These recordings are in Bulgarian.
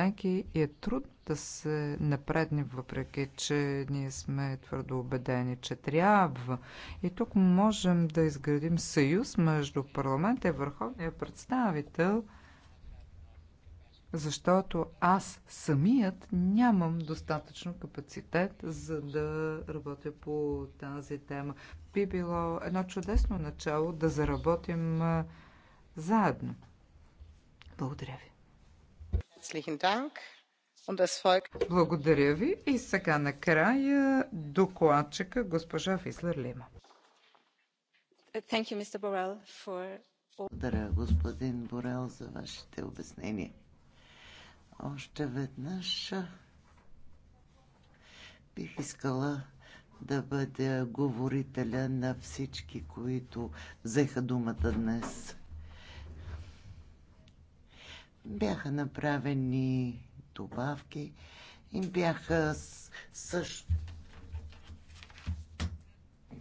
членки и е трудно да се напредне, въпреки че ние сме твърдо убедени, че трябва. И тук можем да изградим съюз между парламента и върховния представител, защото аз самият нямам достатъчно капацитет за да работя по тази тема. Би било едно чудесно начало да заработим заедно. Благодаря ви. Благодаря ви. И сега накрая докладчика госпожа Фислер Лима. Благодаря, господин Борел, за вашите обяснения. Още веднъж бих искала да бъда говорителя на всички, които взеха думата днес бяха направени добавки, и бяха също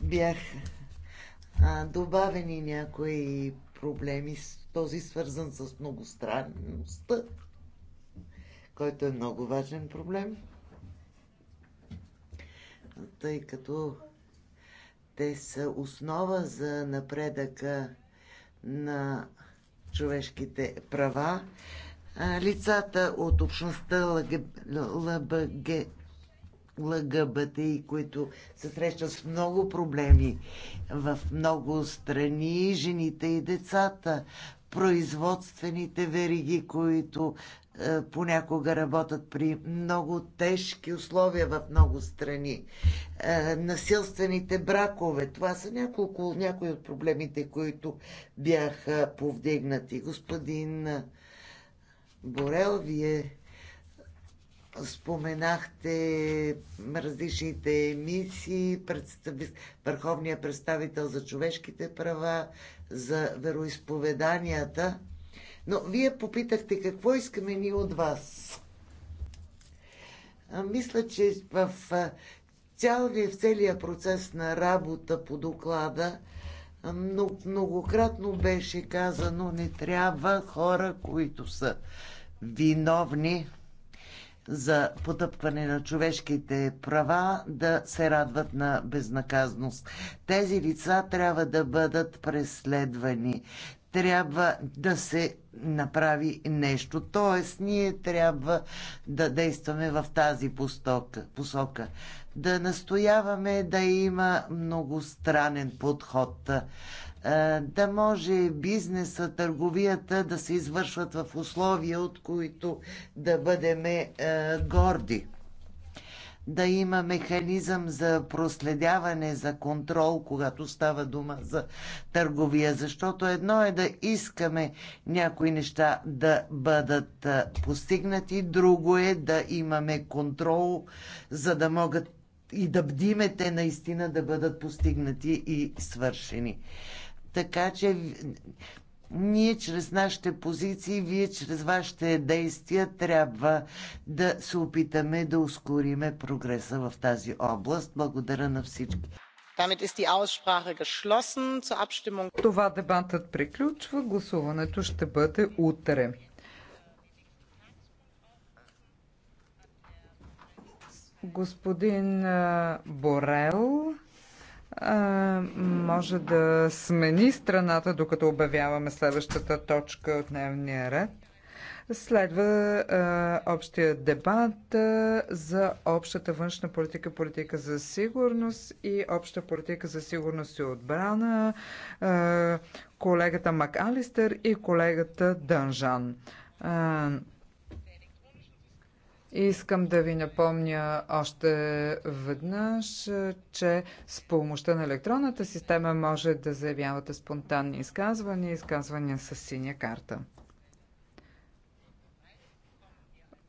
бяха а, добавени някои проблеми, този свързан с многостранността, който е много важен проблем, тъй като те са основа за напредъка на човешките права. Лицата от общността ЛГБГ, ЛГБТ, които се срещат с много проблеми в много страни, жените и децата, производствените вериги, които е, понякога работят при много тежки условия в много страни. Е, насилствените бракове, това са няколко, някои от проблемите, които бяха повдигнати. Господин е, Борел, вие споменахте различните емисии, представи, върховния представител за човешките права, за вероисповеданията – но вие попитахте какво искаме ние от вас. А, мисля, че в цялия, в целия процес на работа по доклада многократно беше казано, не трябва хора, които са виновни за потъпкване на човешките права да се радват на безнаказност. Тези лица трябва да бъдат преследвани. Трябва да се направи нещо. Тоест, ние трябва да действаме в тази посока. Да настояваме да има многостранен подход. Е, да може бизнеса, търговията да се извършват в условия, от които да бъдем е, горди да има механизъм за проследяване, за контрол, когато става дума за търговия. Защото едно е да искаме някои неща да бъдат постигнати, друго е да имаме контрол, за да могат и да бдиме те наистина да бъдат постигнати и свършени. Така че ние чрез нашите позиции, вие чрез вашите действия трябва да се опитаме да ускориме прогреса в тази област. Благодаря на всички. Това дебатът приключва. Гласуването ще бъде утре. Господин Борел, а, може да смени страната, докато обявяваме следващата точка от дневния ред. Следва а, общия дебат а, за общата външна политика, политика за сигурност и обща политика за сигурност и отбрана. А, колегата Макалистър и колегата Дънжан. А, Искам да ви напомня още веднъж, че с помощта на електронната система може да заявявате спонтанни изказвания, изказвания с синя карта.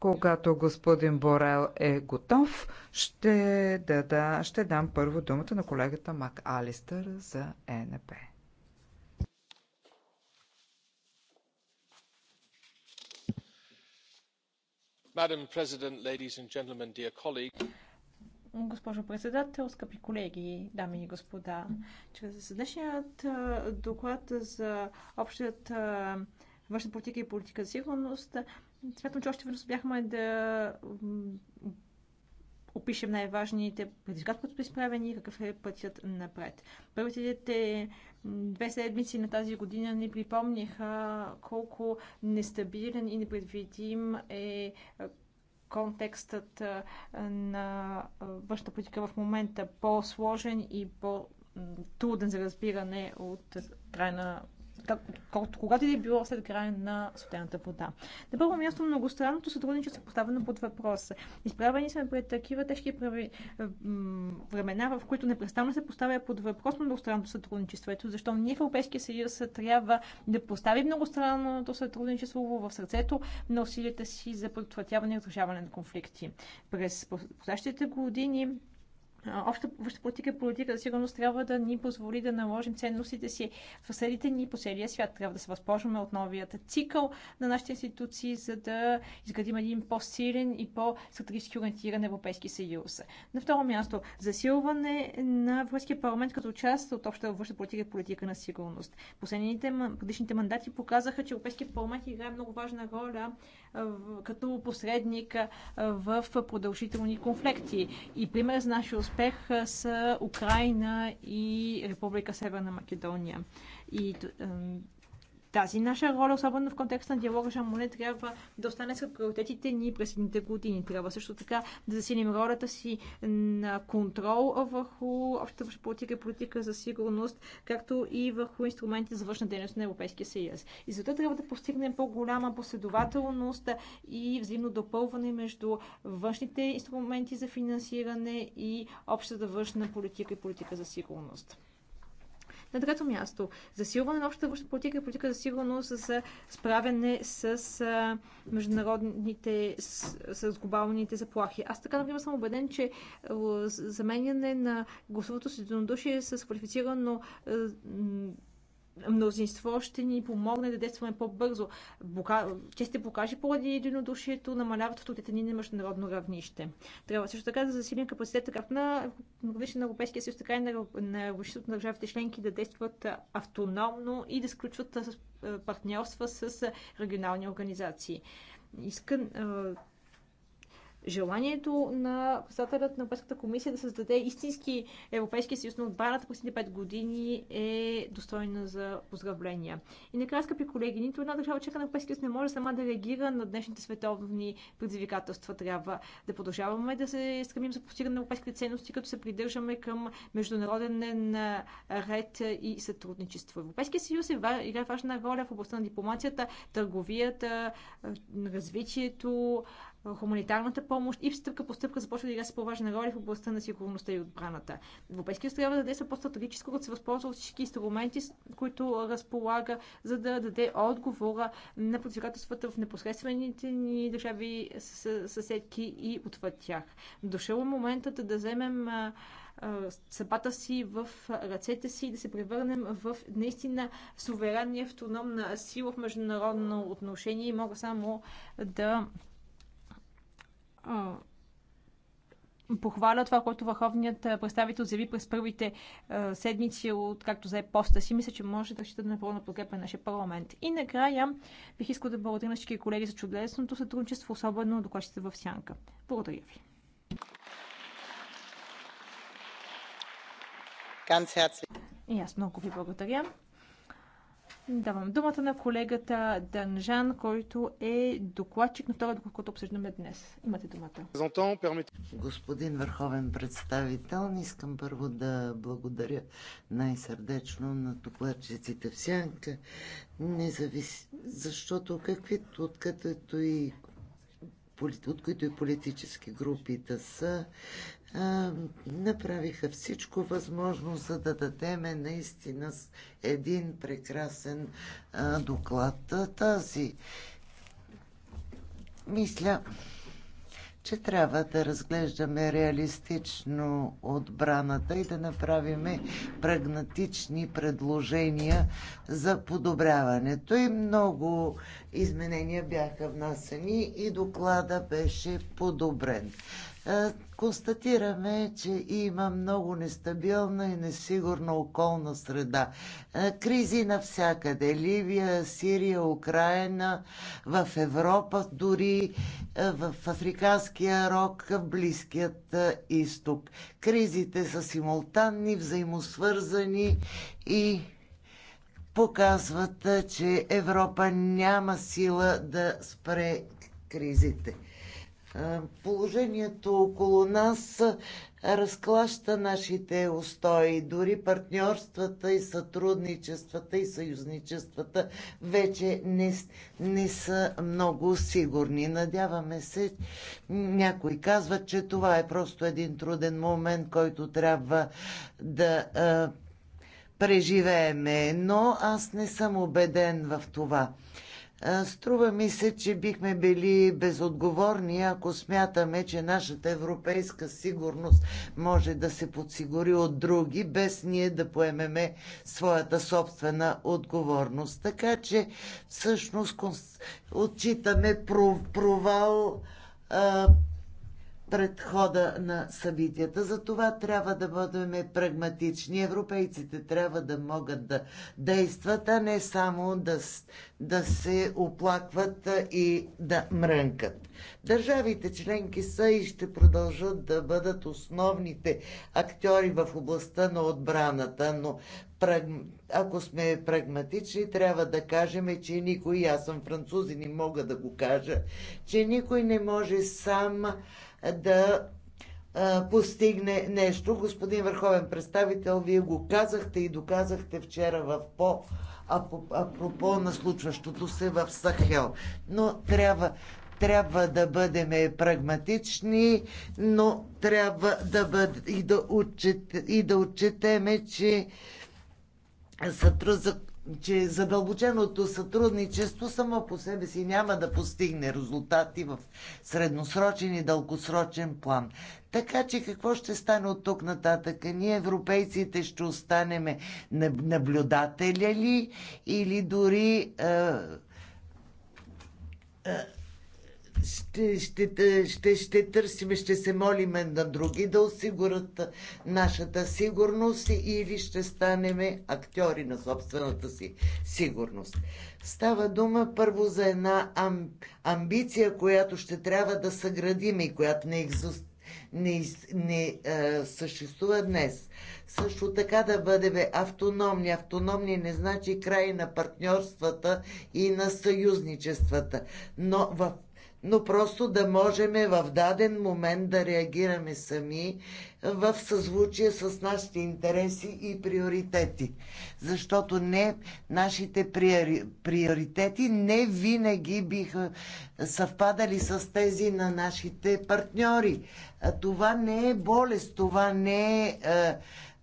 Когато господин Борел е готов, ще, да, да, ще дам първо думата на колегата Мак Алистър за ЕНП. Госпожо председател, скъпи колеги, дами и господа, чрез днешният доклад за общият външна политика и политика за сигурност, смятам, че още веднъж бяхме да опишем най-важните предизвикателства, които сме изправени и какъв е пътят напред. Първите две седмици на тази година ни припомниха колко нестабилен и непредвидим е контекстът на външната политика в момента по-сложен и по-труден за разбиране от края на когато, когато и да е било след края на студената вода. На първо място многостранното сътрудничество е поставено под въпрос. Изправени сме пред такива тежки прави, е, времена, в които непрестанно се поставя под въпрос многостранното сътрудничество. Ето защо ние в Европейския съюз трябва да поставим многостранното сътрудничество в сърцето на усилията си за предотвратяване и отражаване на конфликти. През последващите години обща обща политика и политика за сигурност трябва да ни позволи да наложим ценностите си в съседите ни по целия свят. Трябва да се възползваме от новията цикъл на нашите институции, за да изградим един по-силен и по-стратегически ориентиран Европейски съюз. На второ място, засилване на Европейския парламент като част от обща външна политика и политика на сигурност. Последните предишните мандати показаха, че Европейския парламент играе много важна роля като посредник в продължителни конфликти. И пример за нашия успех са Украина и Република Северна Македония. И тази наша роля, особено в контекста на диалога Жан Моне, трябва да остане сред приоритетите ни през следните години. Трябва също така да засилим ролята си на контрол върху общата външна политика и политика за сигурност, както и върху инструментите за външна дейност на Европейския съюз. И затова трябва да постигнем по-голяма последователност и взаимно допълване между външните инструменти за финансиране и общата външна политика и политика за сигурност. На трето място, засилване на общата външна политика и политика за сигурност за справяне с международните, с, с глобалните заплахи. Аз така, например, съм убеден, че заменяне на гласовото си единодушие с квалифицирано мнозинство ще ни помогне да действаме по-бързо. Че ще покаже поради единодушието, намаляват втотите ни на международно равнище. Трябва също така да засилим капацитета както на равнище на Европейския съюз, така и на равнището на държавите членки да действат автономно и да сключват партньорства с регионални организации. Иска, желанието на председателят на Европейската комисия да създаде истински Европейски съюз на отбраната последните 5 години е достойна за поздравления. И накрая, скъпи колеги, нито една държава чека на Европейския съюз не може сама да реагира на днешните световни предизвикателства. Трябва да продължаваме да се стремим за постигане на европейските ценности, като се придържаме към международен ред и сътрудничество. Европейския съюз е, играе важна роля в областта на дипломацията, търговията, развитието, хуманитарната помощ и стъпка по стъпка започва да играе с по-важна роля в областта на сигурността и отбраната. Европейският трябва да действа по-стратегическо, като се възползва от всички инструменти, които разполага, за да даде отговора на предизвикателствата в непосредствените ни държави съседки и отвъд тях. Дошъл е моментът да вземем събата си в ръцете си и да се превърнем в наистина суверенна и автономна сила в международно отношение и мога само да похваля това, което върховният представител заяви през първите е, седмици, от както зае поста си. Мисля, че може да разчитат напълно на подкрепа на нашия парламент. И накрая бих искал да благодаря на всички колеги за чудесното сътрудничество, особено докладчите в Сянка. Благодаря ви. И аз много ви благодаря. Давам думата на колегата Данжан, който е докладчик на това, което обсъждаме днес. Имате думата. Господин Върховен представител, искам първо да благодаря най-сърдечно на докладчиците в Сянка, независ... защото каквито, откъдето и от които и политически групи да са, направиха всичко възможно, за да дадеме наистина един прекрасен доклад. Тази мисля, че трябва да разглеждаме реалистично отбраната и да направиме прагматични предложения за подобряването. И много изменения бяха внасени и доклада беше подобрен констатираме, че има много нестабилна и несигурна околна среда. Кризи навсякъде. Ливия, Сирия, Украина, в Европа, дори в Африканския рок, в Близкият изток. Кризите са симултанни, взаимосвързани и показват, че Европа няма сила да спре кризите. Е, положението около нас разклаща нашите устои. Дори партньорствата и сътрудничествата и съюзничествата вече не, не са много сигурни. Надяваме се, някои казват, че това е просто един труден момент, който трябва да а, е, преживееме, но аз не съм убеден в това. Струва ми се, че бихме били безотговорни, ако смятаме, че нашата европейска сигурност може да се подсигури от други, без ние да поемеме своята собствена отговорност. Така че всъщност отчитаме провал пред хода на събитията. За това трябва да бъдем прагматични. Европейците трябва да могат да действат, а не само да, да се оплакват и да мрънкат. Държавите членки са и ще продължат да бъдат основните актьори в областта на отбраната, но ако сме прагматични, трябва да кажем, че никой, аз съм французин, не мога да го кажа, че никой не може сам да постигне нещо. Господин Върховен представител, вие го казахте и доказахте вчера в по апропо на случващото се в Сахел. Но трябва, трябва да бъдем прагматични, но трябва да бъд, и, да отчет, и да отчетеме, че сътрудзак че задълбоченото сътрудничество само по себе си няма да постигне резултати в средносрочен и дългосрочен план. Така че какво ще стане от тук нататък? Ние европейците ще останем наблюдателя ли или дори е, е, ще, ще, ще, ще търсим, ще се молим на други да осигурят нашата сигурност или ще станем актьори на собствената си сигурност. Става дума първо за една ам, амбиция, която ще трябва да съградим и която не, екзу, не, не а, съществува днес. Също така да бъдем автономни. Автономни не значи край на партньорствата и на съюзничествата, но в но просто да можем в даден момент да реагираме сами в съзвучие с нашите интереси и приоритети. Защото не, нашите приоритети не винаги биха съвпадали с тези на нашите партньори. Това не е болест, това не е, е,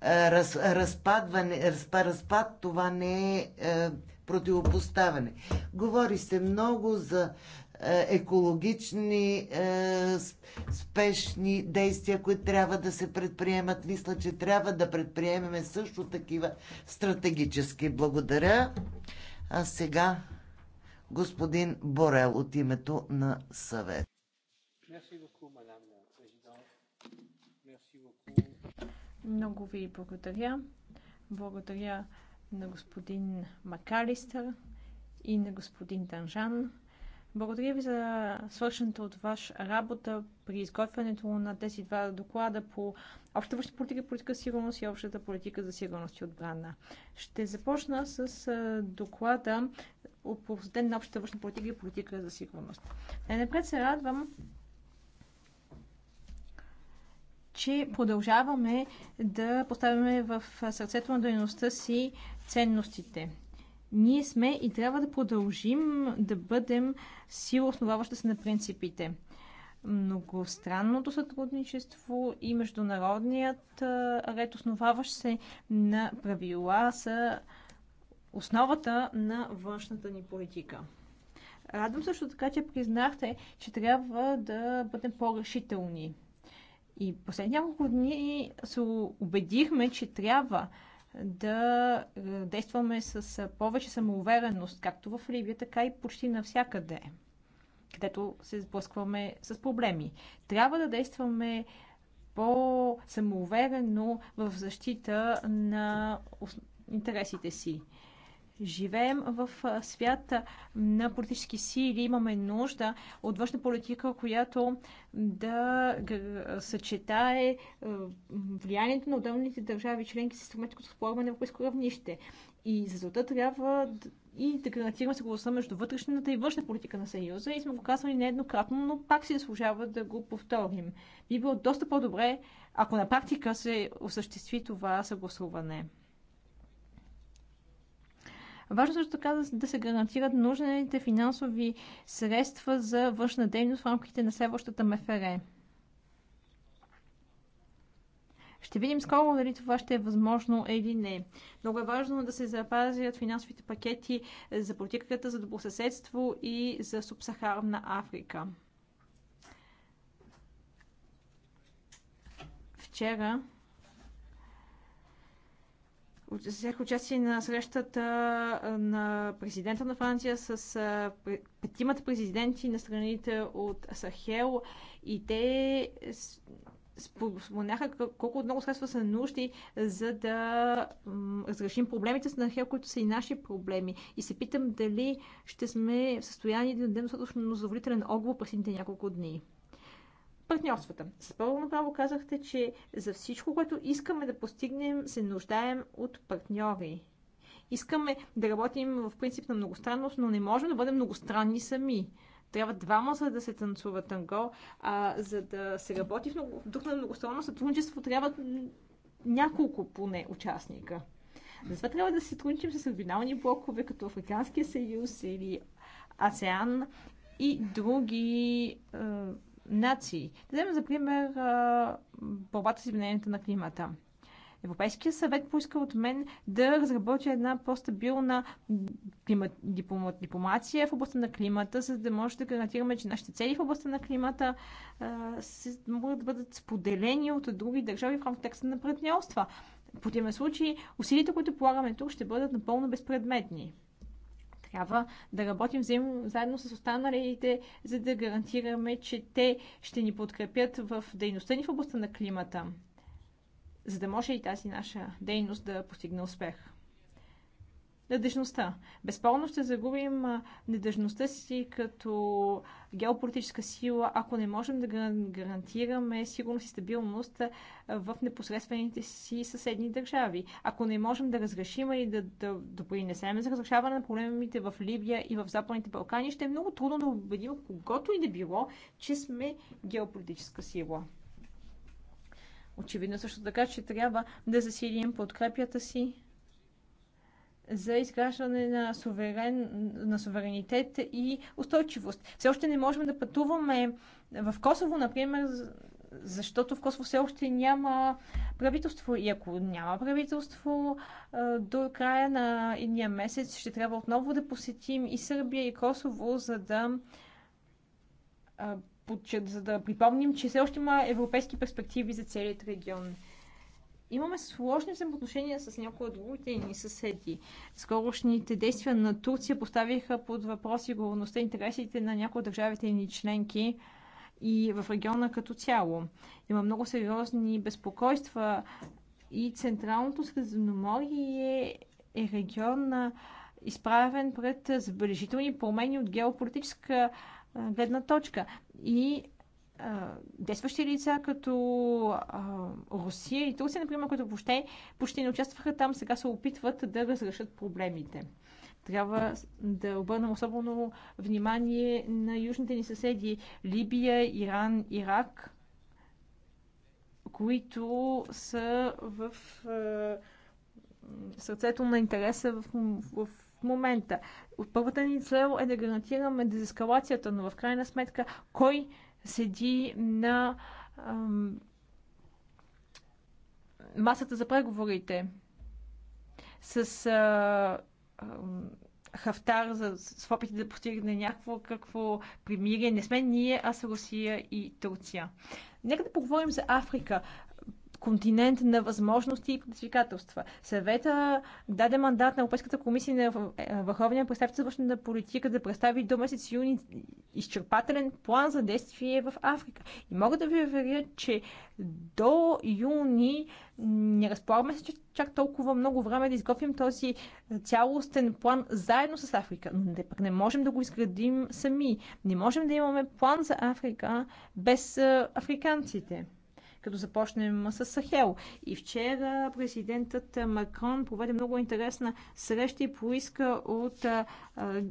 е раз, разпадване, разпад, разпад, това не е, е противопоставяне. Говори се много за е, екологични е, спешни действия, които трябва да се предприемат. Мисля, че трябва да предприемеме също такива стратегически. Благодаря. А сега господин Борел от името на съвет. Много ви благодаря. Благодаря на господин Макалистър и на господин Данжан благодаря ви за свършената от ваша работа при изготвянето на тези два доклада по общата външна политика, политика сигурност и общата политика за сигурност и отбрана. Ще започна с доклада от ден на общата външна политика и политика за сигурност. Най-напред се радвам, че продължаваме да поставяме в сърцето на дейността си ценностите. Ние сме и трябва да продължим да бъдем сила, основаваща се на принципите. Многостранното сътрудничество и международният ред, основаващ се на правила, са основата на външната ни политика. Радвам също така, че признахте, че трябва да бъдем по-решителни. И последните няколко дни се убедихме, че трябва да е, действаме с е, повече самоувереност, както в Либия, така и почти навсякъде, където се сблъскваме с проблеми. Трябва да действаме по-самоуверено в защита на интересите си. Живеем в свят на политически сили. Имаме нужда от външна политика, която да съчетае влиянието на отделните държави членки с инструментите, които спорваме на европейско равнище. И за целта трябва и да гарантираме съгласа между вътрешната и външна политика на Съюза. И сме го казвали нееднократно, но пак си заслужава да го повторим. Би било доста по-добре, ако на практика се осъществи това съгласуване. Важно също така да се гарантират нужните финансови средства за външна дейност в рамките на следващата МФР. Ще видим скоро дали това ще е възможно или не. Много е важно да се запазят финансовите пакети за политиката за добросъседство и за субсахарна Африка. Вчера взех участие на срещата на президента на Франция с петимата президенти на страните от Сахел и те споменаха колко много средства са нужди, за да разрешим проблемите с Нахел, които са и наши проблеми. И се питам дали ще сме в състояние да дадем достатъчно задоволителен отговор през няколко дни партньорствата. С първо направо казахте, че за всичко, което искаме да постигнем, се нуждаем от партньори. Искаме да работим в принцип на многостранност, но не можем да бъдем многостранни сами. Трябва двама, за да се танцува танго, а за да се работи в, много, в дух на многостранно сътрудничество, трябва няколко поне участника. Затова трябва да се сътрудничим с регионални блокове, като Африканския съюз или АСЕАН и други нации. Да вземем за пример борбата с изменението на климата. Европейския съвет поиска от мен да разработя една по-стабилна дипломация в областта на климата, за да може да гарантираме, че нашите цели в областта на климата а, се, могат да бъдат споделени от други държави в контекста на партньорства. В противен случай усилията, които полагаме тук, ще бъдат напълно безпредметни. Трябва да работим взаимно, заедно с останалите, за да гарантираме, че те ще ни подкрепят в дейността ни в областта на климата, за да може и тази наша дейност да постигне успех надежността. Безспорно ще загубим надежността си като геополитическа сила, ако не можем да гарантираме сигурност и стабилност в непосредствените си съседни държави. Ако не можем да разрешим и да, да, да принесем за разрешаване на проблемите в Либия и в Западните Балкани, ще е много трудно да убедим когото и да било, че сме геополитическа сила. Очевидно също така, че трябва да засилим подкрепята си за изграждане на, суверен, на суверенитет и устойчивост. Все още не можем да пътуваме в Косово, например, защото в Косово все още няма правителство. И ако няма правителство, до края на едния месец ще трябва отново да посетим и Сърбия, и Косово, за да за да припомним, че все още има европейски перспективи за целият регион имаме сложни взаимоотношения с някои от другите ни съседи. Скорошните действия на Турция поставиха под въпрос сигурността и интересите на някои от държавите ни членки и в региона като цяло. Има много сериозни безпокойства и Централното Средиземноморие е регион изправен пред забележителни промени от геополитическа гледна точка. И действащи лица, като а, Русия и Турция, например, които въобще почти не участваха там, сега се опитват да разрешат проблемите. Трябва да обърнем особено внимание на южните ни съседи Либия, Иран, Ирак, които са в е, сърцето на интереса в, в в момента. Първата ни цел е да гарантираме дезескалацията, но в крайна сметка кой седи на а, масата за преговорите с а, а, Хафтар за, с опити да постигне някакво какво примирие. Не сме ние, а с Русия и Турция. Нека да поговорим за Африка континент на възможности и предизвикателства. Съвета даде мандат на Европейската комисия на е, Върховния представител за на политика да представи до месец юни изчерпателен план за действие в Африка. И мога да ви уверя, че до юни не разполагаме се чак толкова много време да изготвим този цялостен план заедно с Африка. Но пък не можем да го изградим сами. Не можем да имаме план за Африка без е, африканците като започнем с Сахел. И вчера президентът Макрон проведе много интересна среща и поиска от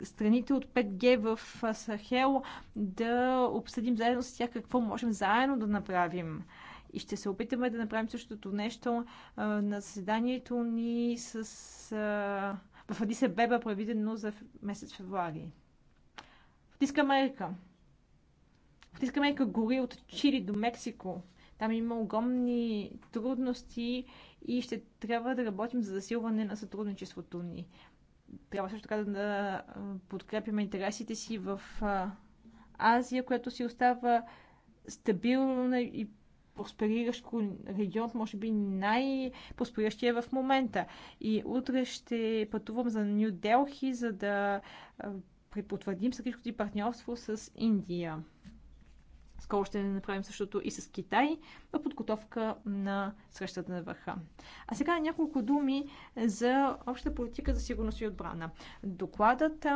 страните от 5G в Сахел да обсъдим заедно с тях какво можем заедно да направим. И ще се опитаме да направим същото нещо на заседанието ни с, в Адисе Беба, предвидено за месец февруари. В Америка. Втиска Америка гори от Чили до Мексико. Там има огромни трудности и ще трябва да работим за засилване на сътрудничеството ни. Трябва също така да подкрепим интересите си в Азия, която си остава стабилна и проспериращ регион, може би най-проспериращия в момента. И утре ще пътувам за Нью Делхи, за да препотвърдим стратегическото партньорство с Индия. Скоро ще направим същото и с Китай в подготовка на срещата на върха. А сега няколко думи за обща политика за сигурност и отбрана. Докладът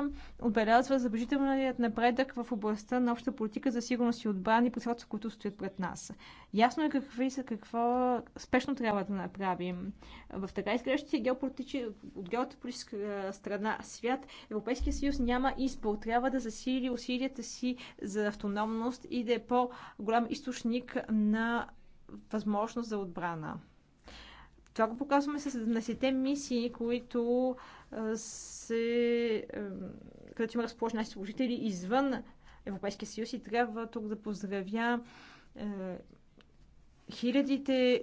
отбелязва забележителният напредък в областта на обща политика за сигурност и отбрана и председателството, които стоят пред нас. Ясно е какви са, какво спешно трябва да направим. В така изглеждащия геополитичи, от геополитическа страна свят, Европейския съюз няма избор. Трябва да засили усилията си за автономност и да е по-голям източник на възможност за отбрана. Това го показваме с 17-те мисии, които се, където има разположени служители извън Европейския съюз и трябва тук да поздравя хилядите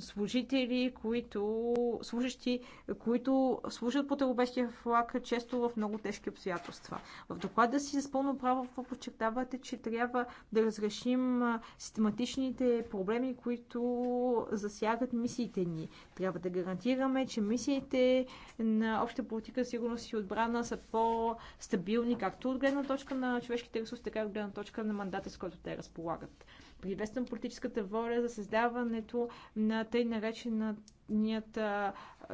служители, които, служащи, които служат по европейския флаг, често в много тежки обстоятелства. В доклада си с пълно право подчертавате, че трябва да разрешим систематичните проблеми, които засягат мисиите ни. Трябва да гарантираме, че мисиите на обща политика сигурност и отбрана са по-стабилни, както от гледна точка на човешките ресурси, така и от гледна точка на мандата, с който те разполагат. Приветствам политическата воля за създаването на тъй нареченият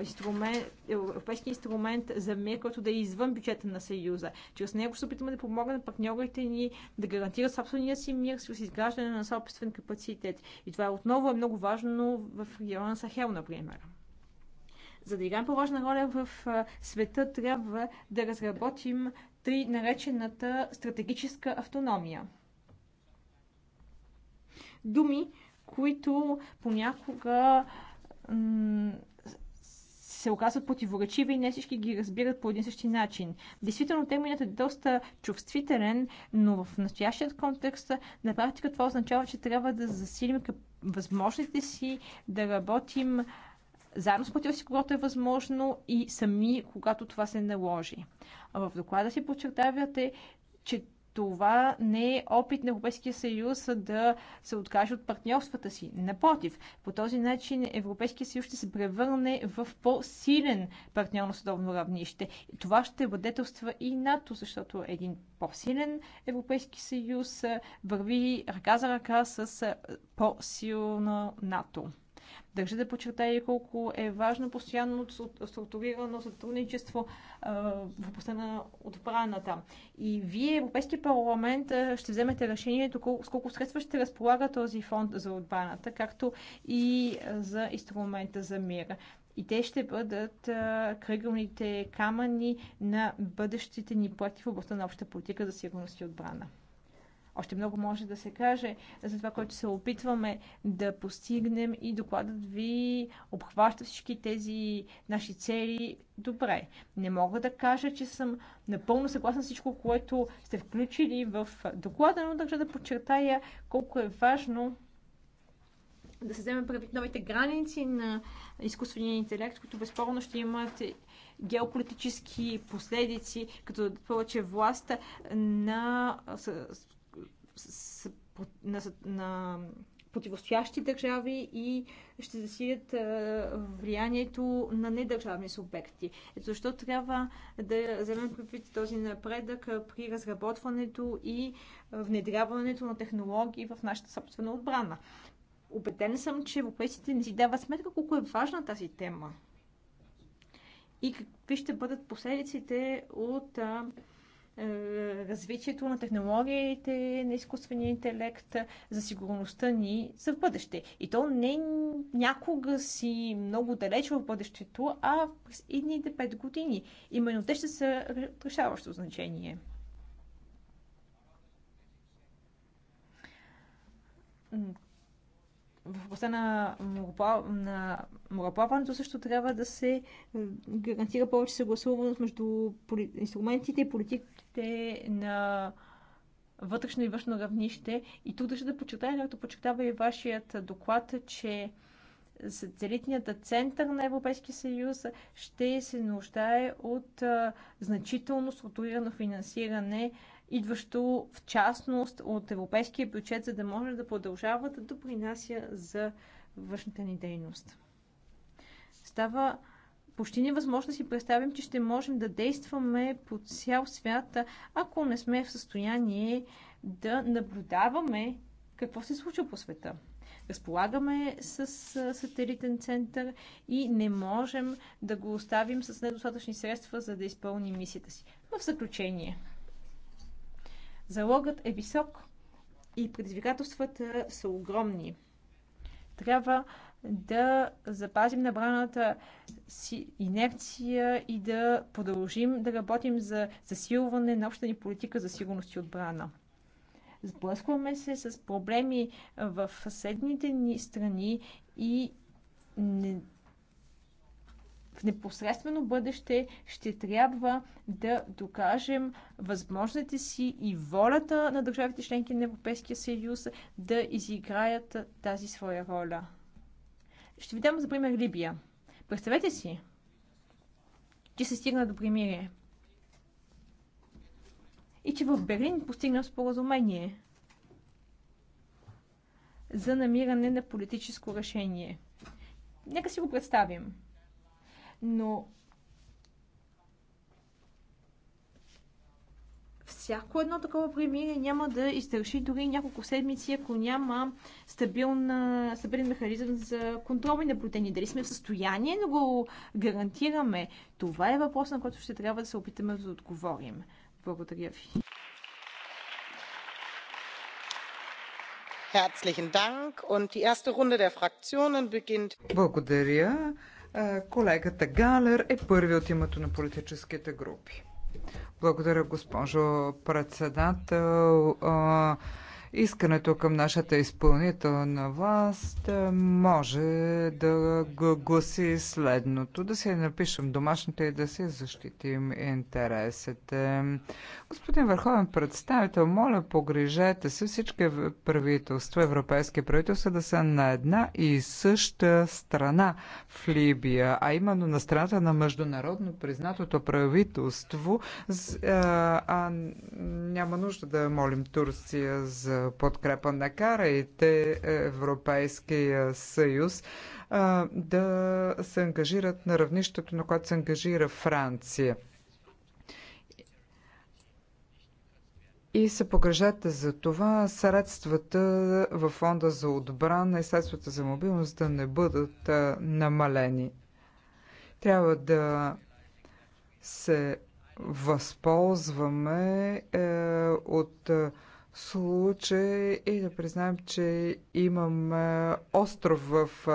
инструмент, европейски инструмент за мир, който да е извън бюджета на Съюза. Чрез него се опитваме да помогнем на партньорите ни да гарантират собствения си мир с изграждане на собствен капацитет. И това отново е много важно в региона Сахел, например за да играем по-важна роля в света, трябва да разработим три наречената стратегическа автономия думи, които понякога се оказват противоречиви и не всички ги разбират по един същи начин. Действително терминът е доста чувствителен, но в настоящият контекст на практика това означава, че трябва да засилим възможностите си да работим заедно с пътя си, когато е възможно и сами, когато това се наложи. А в доклада си подчертавате, че това не е опит на Европейския съюз да се откаже от партньорствата си. Напротив, по този начин Европейския съюз ще се превърне в по-силен партньор на световно равнище. Това ще бъдетелства и НАТО, защото един по-силен Европейски съюз върви ръка за ръка с по-силно НАТО. Държа да подчертая колко е важно постоянно структурирано сътрудничество в областта на отбраната. И вие, Европейския парламент, ще вземете решението с колко средства ще разполага този фонд за отбраната, както и за инструмента за мир. И те ще бъдат кръгълните камъни на бъдещите ни проекти в областта на обща политика за сигурност и отбрана. Още много може да се каже за това, което се опитваме да постигнем и докладът ви обхваща всички тези наши цели. Добре, не мога да кажа, че съм напълно съгласна с всичко, което сте включили в доклада, но държа да подчертая колко е важно да се вземе предвид новите граници на изкуствения интелект, които безспорно ще имат геополитически последици, като повече власт на на, на противостоящи държави и ще засилят влиянието на недържавни субекти. Ето защо трябва да вземем предвид този напредък при разработването и внедряването на технологии в нашата собствена отбрана. Обеден съм, че европейците не си дават сметка колко е важна тази тема и какви ще бъдат последиците от е, развитието на технологиите, на изкуствения интелект, за сигурността ни за в бъдеще. И то не някога си много далеч в бъдещето, а през едните пет години. Именно те ще са решаващо значение. в областта на, мороплав... на мореплаването също трябва да се е, гарантира повече съгласуваност между инструментите и политиките равнище, на вътрешно и външно равнище. И тук държа да подчертая, както подчертава и вашият доклад, че сателитният център на Европейския съюз ще се нуждае от значително структурирано финансиране, идващо в частност от европейския бюджет, за да може да продължава да допринася за външната ни дейност. Става почти невъзможно да си представим, че ще можем да действаме по цял свят, ако не сме в състояние да наблюдаваме какво се случва по света. Разполагаме с сателитен център и не можем да го оставим с недостатъчни средства, за да изпълним мисията си. В заключение, залогът е висок и предизвикателствата са огромни. Трябва да запазим набраната си инерция и да продължим да работим за засилване на общата ни политика за сигурност и отбрана. Сблъскваме се с проблеми в съседните ни страни и не... в непосредствено бъдеще ще трябва да докажем възможните си и волята на държавите членки на Европейския съюз да изиграят тази своя роля. Ще ви дам за пример Либия. Представете си, че се стигна до примирие. И че в Берлин постигна споразумение за намиране на политическо решение. Нека си го представим. Но Всяко едно такова премирие няма да издържи дори няколко седмици, ако няма стабилен, стабилен механизъм за контрол и наблюдение. Дали сме в състояние да го гарантираме? Това е въпрос, на който ще трябва да се опитаме да отговорим. Благодаря ви. Благодаря. Колегата Галер е първи от името на политическите групи. Благодаря, госпожо председател. Искането към нашата изпълнителна власт е, може да гласи следното. Да си напишем домашните и да си защитим интересите. Господин Върховен представител, моля погрижете се всички правителства, европейски правителства да са на една и съща страна в Либия, а именно на страната на международно признатото правителство. А, е, а няма нужда да молим Турция за подкрепа. Накарайте Европейския съюз да се ангажират на равнището, на което се ангажира Франция. И се погрежете за това средствата в фонда за отбрана и средствата за мобилност да не бъдат намалени. Трябва да се възползваме е, от е, случай и да признаем, че имам е, остров в е,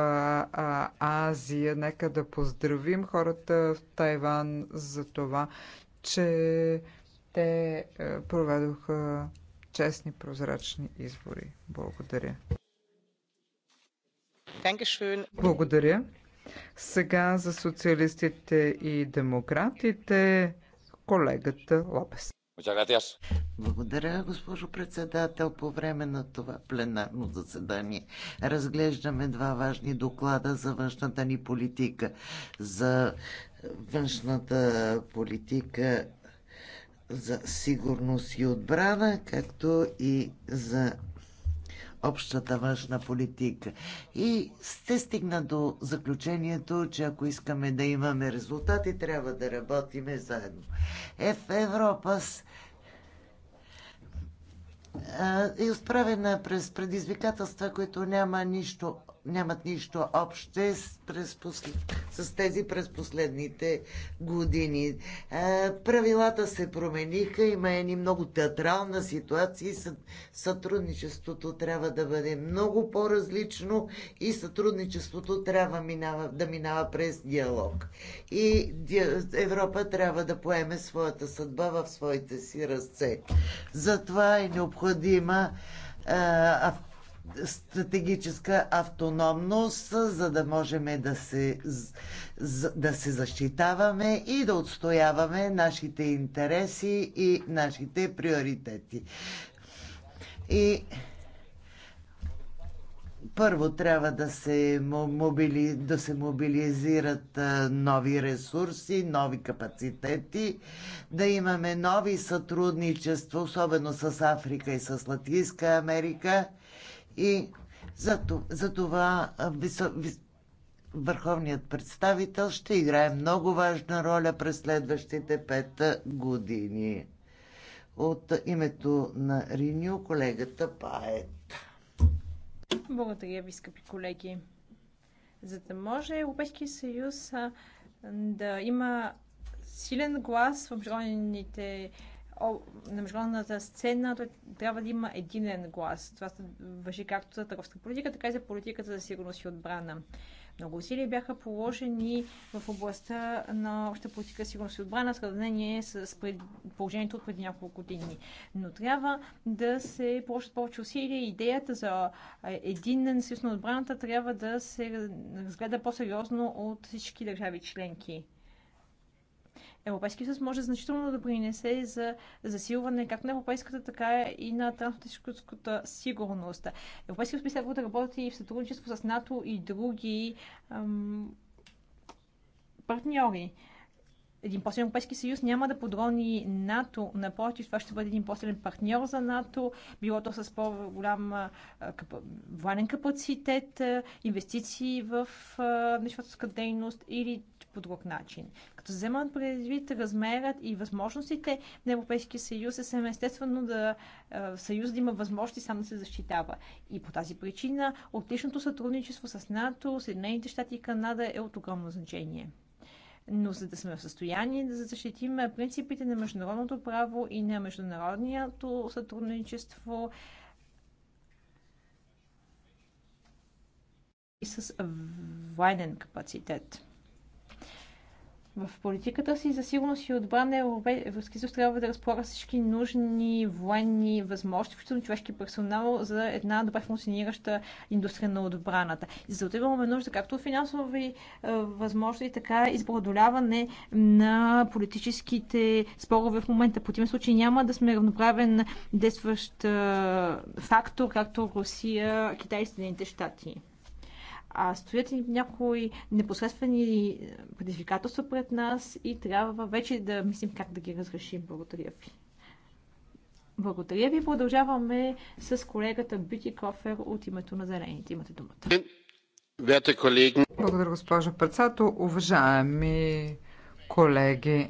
Азия. Нека да поздравим хората в Тайван за това, че те е, проведоха честни, прозрачни избори. Благодаря. Благодаря. Сега за социалистите и демократите колегата Лопес. Благодаря, госпожо председател. По време на това пленарно заседание разглеждаме два важни доклада за външната ни политика. За външната политика за сигурност и отбрана, както и за общата външна политика. И сте стигна до заключението, че ако искаме да имаме резултати, трябва да работиме заедно. Е, в Европа с е изправена през предизвикателства, които няма нищо нямат нищо общо с, през посл... с тези през последните години. Е, правилата се промениха, има едни много театрална ситуация и сътрудничеството трябва да бъде много по-различно и сътрудничеството трябва минава, да минава през диалог. И Европа трябва да поеме своята съдба в своите си ръце. Затова е необходима е, стратегическа автономност, за да можем да се, да се защитаваме и да отстояваме нашите интереси и нашите приоритети. И първо трябва да се, мобили, да се мобилизират нови ресурси, нови капацитети, да имаме нови сътрудничества, особено с Африка и с Латинска Америка, и за, за това висо, вис, върховният представител ще играе много важна роля през следващите пет години. От името на Риню, колегата Пает. Благодаря ви, скъпи колеги. За да може Европейския съюз да има силен глас в международните на международната сцена, той трябва да има единен глас. Това въжи както за търговска политика, така и за политиката за сигурност и отбрана. Много усилия бяха положени в областта на обща политика сигурност и отбрана в сравнение с пред... положението от преди няколко години. Но трябва да се положат повече усилия. Идеята за единен съюз на отбраната трябва да се разгледа по-сериозно от всички държави членки. Европейския съюз може значително да принесе за засилване както на европейската, така и на трансатлантическата сигурност. Европейския съюз следва да работи и в сътрудничество с НАТО и други ам, партньори един по-силен Европейски съюз няма да подрони НАТО. Напротив, това ще бъде един по-силен партньор за НАТО, било то с по-голям военен капацитет, инвестиции в нещата дейност или по друг начин. Като вземат предвид размерът и възможностите на Европейския съюз, е съвсем естествено да съюз да има възможности сам да се защитава. И по тази причина отличното сътрудничество с НАТО, Съединените щати и Канада е от огромно значение. Но за да сме в състояние да защитим принципите на международното право и на международното сътрудничество, и с военен капацитет. В политиката си за сигурност и отбрана Европейския съюз трябва да разполага всички нужни военни възможности, включително човешки персонал, за една добре функционираща индустрия на отбраната. И за това имаме нужда както от финансови е, възможности, така и за преодоляване на политическите спорове в момента. По този случай няма да сме равноправен действащ е, фактор, както Русия, Китай и Съединените щати а стоят и някои непосредствени е, предизвикателства пред нас и трябва вече да мислим как да ги разрешим. Благодаря ви. Благодаря ви. Продължаваме с колегата Бюти Кофер от името на Зелените. Имате думата. Благодаря, госпожо председател. Уважаеми колеги,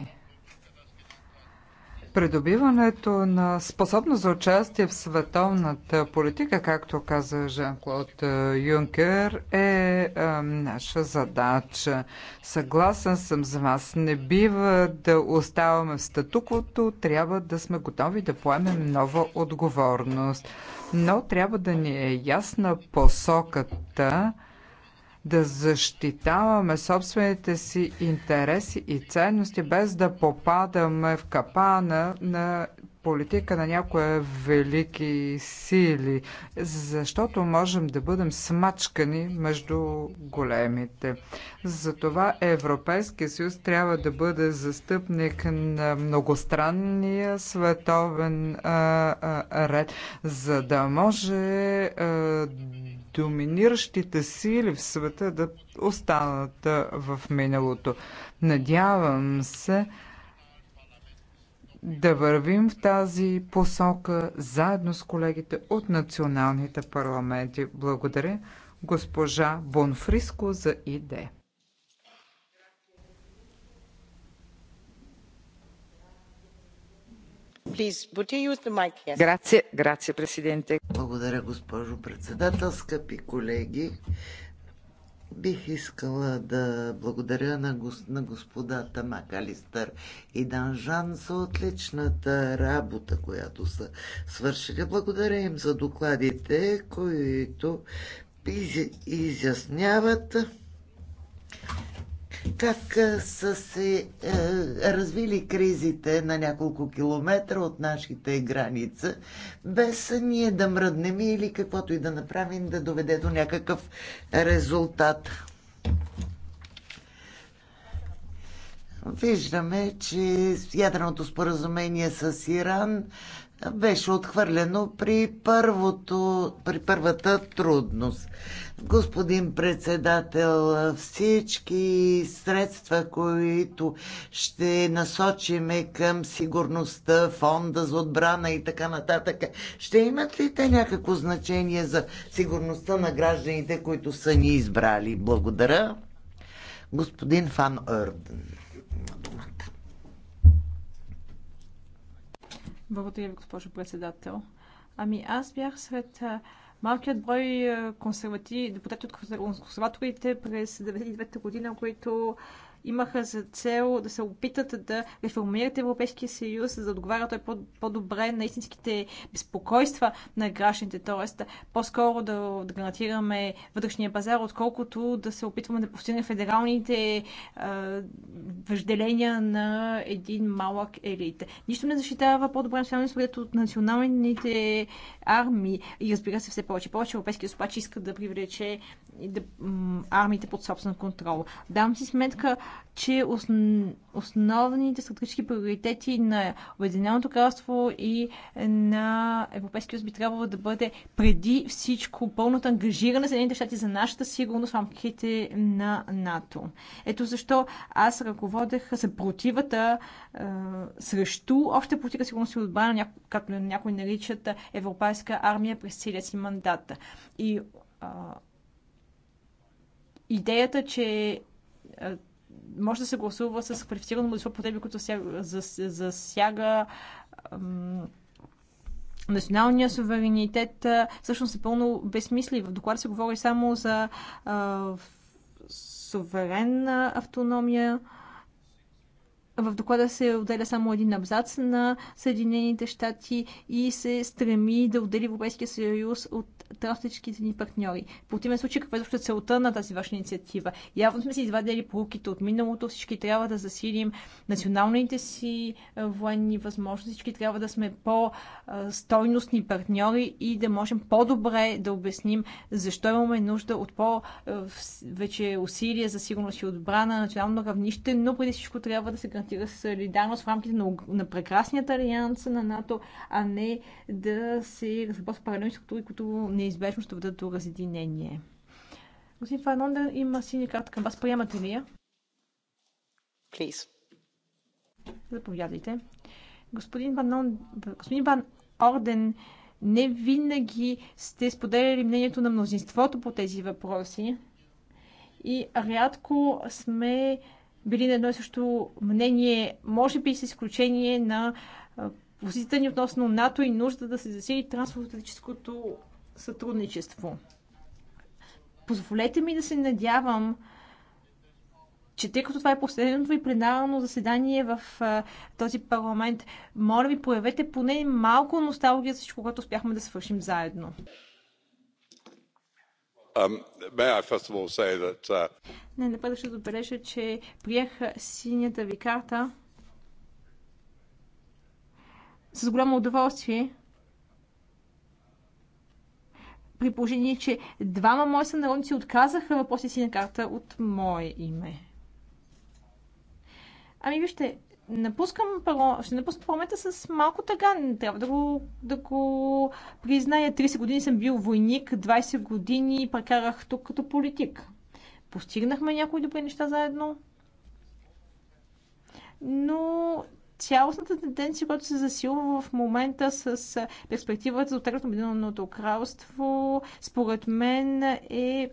Придобиването на способност за участие в световната политика, както каза Жан-Клод е, Юнкер, е а, е, наша задача. Съгласен съм с вас. Не бива да оставаме в статуквото, трябва да сме готови да поемем нова отговорност. Но трябва да ни е ясна посоката да защитаваме собствените си интереси и ценности, без да попадаме в капана на политика на някои велики сили, защото можем да бъдем смачкани между големите. Затова Европейския съюз трябва да бъде застъпник на многостранния световен а, а, ред, за да може а, доминиращите сили в света да останат в миналото. Надявам се, да вървим в тази посока заедно с колегите от националните парламенти. Благодаря госпожа Бонфриско за идея. Благодаря, госпожо председател. Скъпи колеги, Бих искала да благодаря на, гос, на господата Макалистър и Данжан за отличната работа, която са свършили. Благодаря им за докладите, които изясняват как са се е, развили кризите на няколко километра от нашите граница, без ние да мръднем или каквото и да направим да доведе до някакъв резултат. Виждаме, че ядреното споразумение с Иран беше отхвърлено при, първото, при първата трудност. Господин председател, всички средства, които ще насочиме към сигурността, фонда за отбрана и така нататък, ще имат ли те някакво значение за сигурността на гражданите, които са ни избрали? Благодаря. Господин Фан Орден. Благодаря ви, госпожо председател. Ами аз бях сред малкият брой консервати, депутати от консерваторите през 92-та година, които имаха за цел да се опитат да реформират Европейския съюз, за да отговарят той по-добре на истинските безпокойства на гражданите, т.е. по-скоро да, да гарантираме вътрешния пазар, отколкото да се опитваме да постигнем федералните а, въжделения на един малък елит. Нищо не защитава по-добре националния съвет от националните армии и разбира се все повече. Повече Европейския съюз обаче иска да привлече армиите под собствен контрол. Дам си сметка, че основ... основните стратегически приоритети на Обединеното кралство и на Европейския съюз би трябвало да бъде преди всичко пълното ангажиране на Съединените щати за нашата сигурност в рамките на НАТО. Ето защо аз ръководех съпротивата е, срещу още политика сигурност и отбрана, както някои наричат Европейска армия през целия си мандат. И идеята, че може да се гласува с квалифицирано мнозинство по теми, които засяга националния суверенитет, всъщност е пълно безсмисли. В доклада се говори само за суверенна автономия в доклада се отделя само един абзац на Съединените щати и се стреми да отдели Европейския съюз от трафтическите ни партньори. В противен случай, каква е целта на тази ваша инициатива? Явно сме си извадили полуките от миналото, всички трябва да засилим националните си военни възможности, всички трябва да сме по-стойностни партньори и да можем по-добре да обясним защо имаме нужда от по-вече усилия за сигурност и отбрана на национално равнище, но преди всичко трябва да се гарантира демонстрира солидарност в рамките на, на прекрасният алианс на НАТО, а не да се разработват паралелни структури, които неизбежно ще бъдат до разединение. Господин Файнонда, има синя карта към вас. Приемате ли я? Please. Заповядайте. Господин Ван, Он... господин Ван Орден, не винаги сте споделяли мнението на мнозинството по тези въпроси и рядко сме били на едно и също мнение, може би с изключение на позицията ни относно НАТО и нужда да се засили трансатлантическото сътрудничество. Позволете ми да се надявам, че тъй като това е последното ви пленарно заседание в а, този парламент, моля ви проявете поне малко носталгия за всичко, което успяхме да свършим заедно. Um, uh, Не, напред ще че приеха синята ви карта с голямо удоволствие. При положение, че двама мои сънародници отказаха въпроси синя карта от мое име. Ами вижте, напускам, ще напусна парламента с малко тъга. Трябва да го, да го призная. 30 години съм бил войник, 20 години прекарах тук като политик. Постигнахме някои добри неща заедно. Но цялостната тенденция, която се засилва в момента с перспективата за на Обединеното кралство, според мен е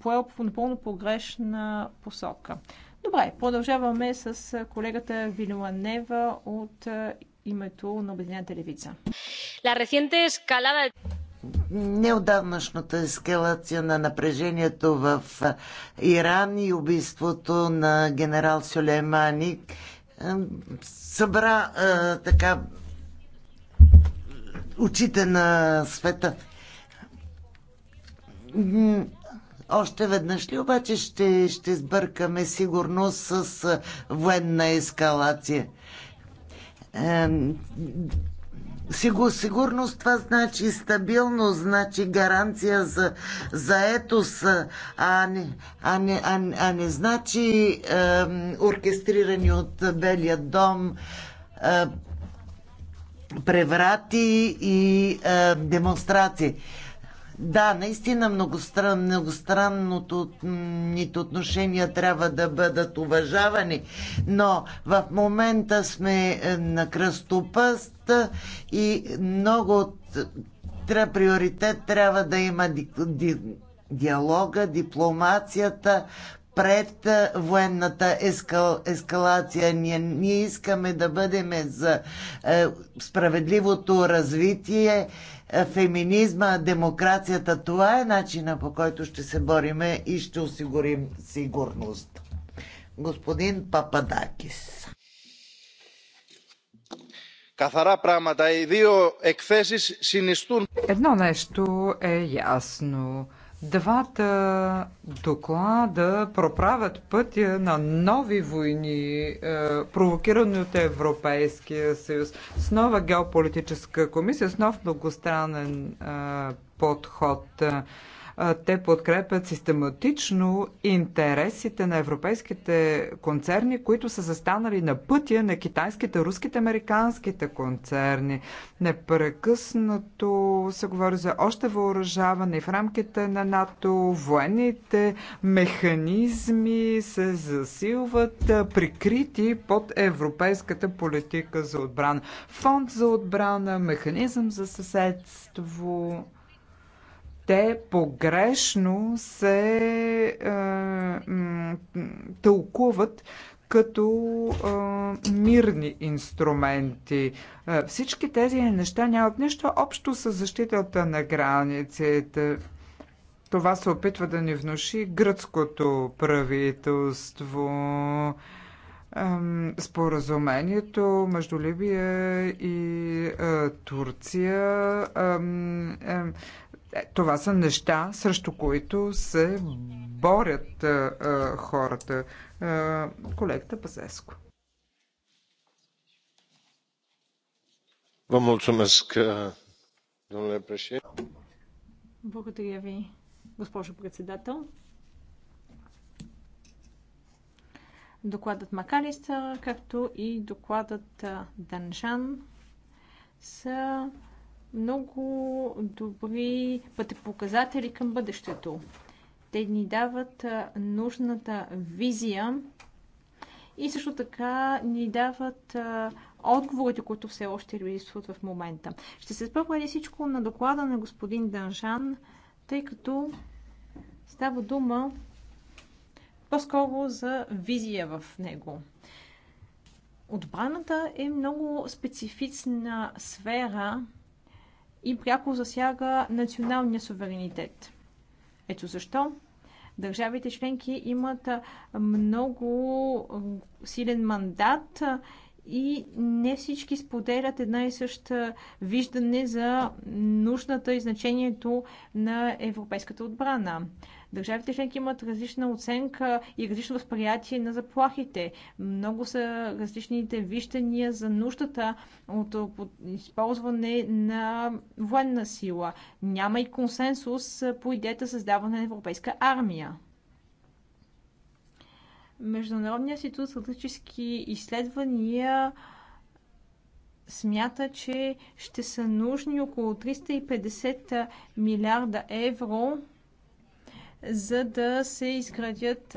поел по напълно погрешна посока. Добре, продължаваме с колегата Вилова Нева от името на Обединената левица. Неодавнашната ескалация на напрежението в Иран и убийството на генерал Сулеймани събра а, така очите на света. Още веднъж ли обаче ще, ще сбъркаме сигурност с военна ескалация? Сигур, сигурност това значи стабилност, значи гаранция за етос, а не, а не, а не, а не значи е, оркестрирани от Белия дом е, преврати и е, демонстрации. Да, наистина многостран, многостранното отношения трябва да бъдат уважавани, но в момента сме е, на кръстопъст и много от трябва, приоритет трябва да има ди, ди, диалога, дипломацията, пред е, военната ескал, ескалация. Ние, ние искаме да бъдем за е, справедливото развитие, е, феминизма, демокрацията. Това е начина по който ще се бориме и ще осигурим сигурност. Господин Пападакис. Καθαρά πράγματα. Οι δύο εκθέσεις συνιστούν... Едно нещо е ясно. Двата доклада проправят пътя на нови войни, е, провокирани от Европейския съюз, с нова геополитическа комисия, с нов многостранен е, подход. Те подкрепят систематично интересите на европейските концерни, които са застанали на пътя на китайските, руските, американските концерни. Непрекъснато се говори за още въоръжаване в рамките на НАТО, военните механизми се засилват, прикрити под европейската политика за отбрана. Фонд за отбрана, механизъм за съседство те погрешно се а, е, тълкуват като а, е, мирни инструменти. А, е, всички тези неща нямат нищо общо с защитата на границите. Това се опитва да ни внуши гръцкото правителство. Споразумението между Либия и Турция е, това са неща, срещу които се борят а, е, а, е, хората. А, колегата Пазеско. Благодаря ви, госпожо председател. Докладът Макалистър, както и докладът Данжан са много добри пътепоказатели към бъдещето. Те ни дават нужната визия и също така ни дават отговорите, които все още липсват в момента. Ще се спра всичко на доклада на господин Данжан, тъй като става дума по-скоро за визия в него. Отбраната е много специфична сфера, и пряко засяга националния суверенитет. Ето защо държавите членки имат много силен мандат и не всички споделят една и съща виждане за нуждата и значението на европейската отбрана. Държавите членки имат различна оценка и различно възприятие на заплахите. Много са различните виждания за нуждата от използване на военна сила. Няма и консенсус по идеята създаване на европейска армия. Международният институт стратегически изследвания смята, че ще са нужни около 350 милиарда евро за да се изградят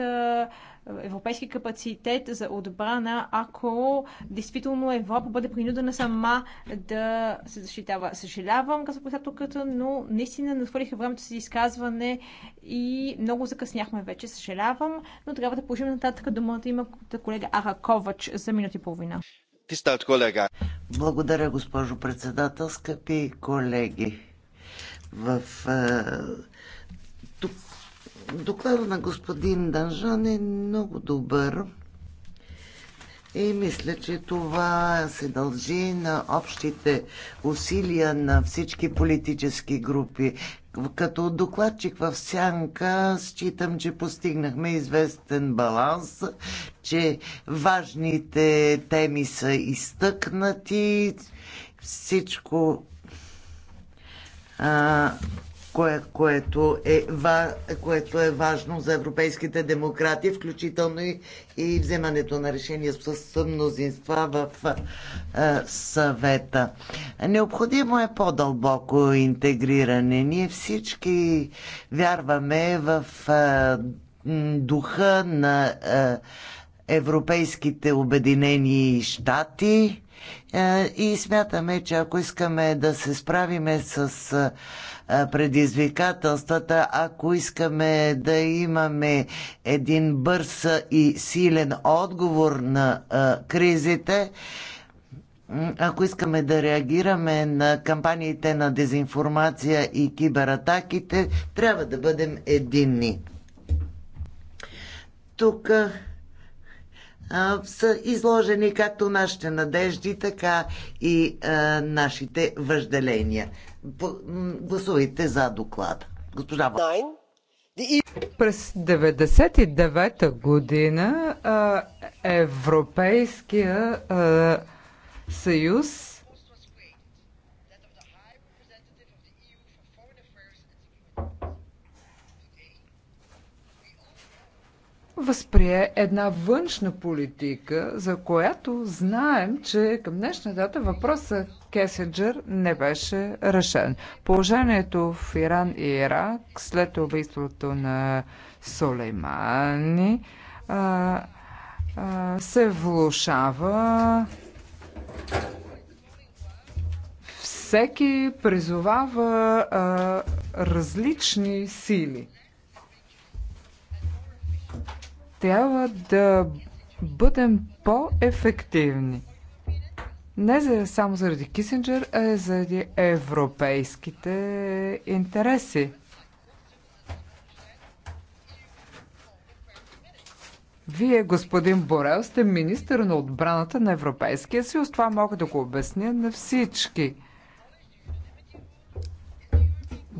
европейски капацитет за отбрана, ако действително Европа бъде принудена сама да се защитава. Съжалявам, казва председателката, но наистина надхвърлиха времето си изказване и много закъсняхме вече. Съжалявам, но трябва да положим нататък думата има колега Араковач за минути и половина. Пистат, колега. Благодаря, госпожо председател, скъпи колеги. В тук Доклада на господин Данжан е много добър и мисля, че това се дължи на общите усилия на всички политически групи. Като докладчик в Сянка считам, че постигнахме известен баланс, че важните теми са изтъкнати, всичко а, кое, което, е, което е важно за европейските демократи, включително и, и вземането на решения с мнозинства в а, съвета. Необходимо е по-дълбоко интегриране. Ние всички вярваме в а, духа на а, европейските обединени щати е, и смятаме, че ако искаме да се справиме с е, предизвикателствата, ако искаме да имаме един бърз и силен отговор на е, кризите, ако искаме да реагираме на кампаниите на дезинформация и кибератаките, трябва да бъдем единни. Тук са изложени както нашите надежди, така и нашите въжделения. Гласувайте за доклада. Госпожа e- през 1999 година Европейския съюз възприе една външна политика, за която знаем, че към днешна дата въпросът Кесенджер не беше решен. Положението в Иран и Ирак след убийството на Солеймани а, а, се влушава. Всеки призовава а, различни сили – трябва да бъдем по-ефективни. Не за, само заради Кисенджер, а заради европейските интереси. Вие, господин Борел, сте министър на отбраната на Европейския съюз. Това мога да го обясня на всички